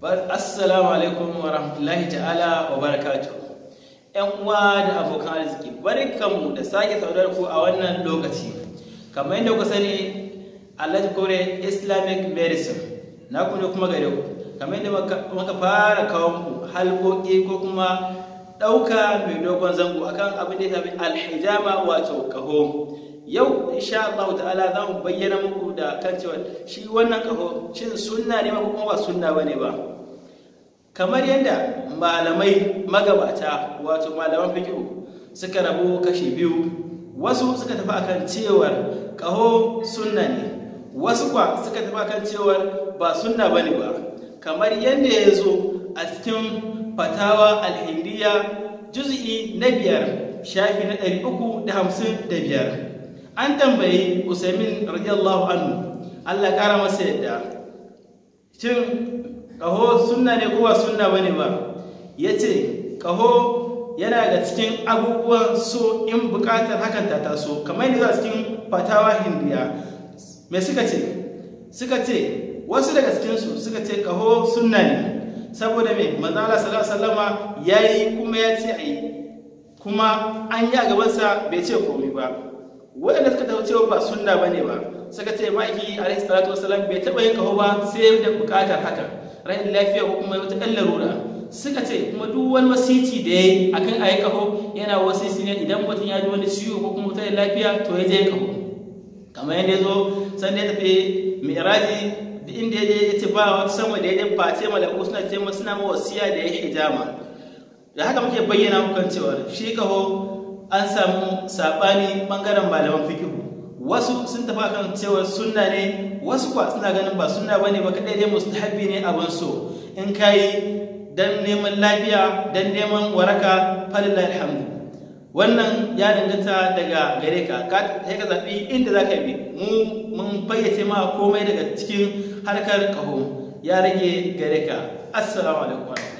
assalamu alaikum wa rahmatullahi ta'ala wa barakatu yan uwa da abokan arziki barkanmu da sake saudar ku a wannan lokaci kamar yadda ku sani alhaji kore islamic medicine na kuma kuma gare ku kamar yadda muka fara kawo ku halkoki ko kuma ɗauka mai dogon zango akan abin da ya tafi alhijama wato kaho yau insha Allah ta'ala za mu bayyana muku da kan cewa shi wannan kaho cin sunna ne ba kuma ba sunna bane ba kamar yadda malamai magabata wato malaman fiqh suka rabu kashi biyu wasu suka tafi akan cewar kaho sunna ne wasu kwa suka tafi akan cewar ba sunna bane ba kamar yadda ya zo a cikin fatawa alhindiya juz'i na biyar shafi na ɗari uku da hamsin da biyar an tambayi usaimin radiyallahu anhu allah kara masa yadda shin kaho sunna ne ko ba bane ba ya ce kaho yana ga cikin abubuwan so in bukatar hakan ta taso kamar yadda za cikin fatawa hindiya me suka ce suka ce wasu daga cikinsu suka ce kaho sunna ne saboda mai manzala salama ya yi kuma ya ce a yi kuma an yi a gabansa bai ce komai ba waɗanda suka tafi cewa ba sunna ba ne ba suka ce ma'aiki alaihi salatu wasalam bai taɓa yin kaho ba sai da buƙatar haka rahin lafiya ko kuma wata ɗan larura suka ce kuma duk wani wasiti da ya yi a kan a yi yana wasisi ne idan mutum ya ji wani ciwo ko kuma wata lafiya to ya je kaho kamar yadda ya zo da ya tafi mi'raji duk inda ya je ya ba wata sama da ya je face malaku suna ce suna ma wasiya da ya hijama da haka muke bayyana kan cewa shi kaho an samu saɓani ɓangaren malaman fikihu wasu sun tafi akan cewa sunna ne wasu kuwa suna ganin ba sunna ba ne ba kaɗai dai mustahabi ne a so in ka yi don neman lafiya don neman waraka falilla alhamdu wannan ya danganta daga gare ka sai ka zaɓi inda za ka bi mu mun bayyace ma komai daga cikin harkar kaho ya rage gare ka assalamu alaikum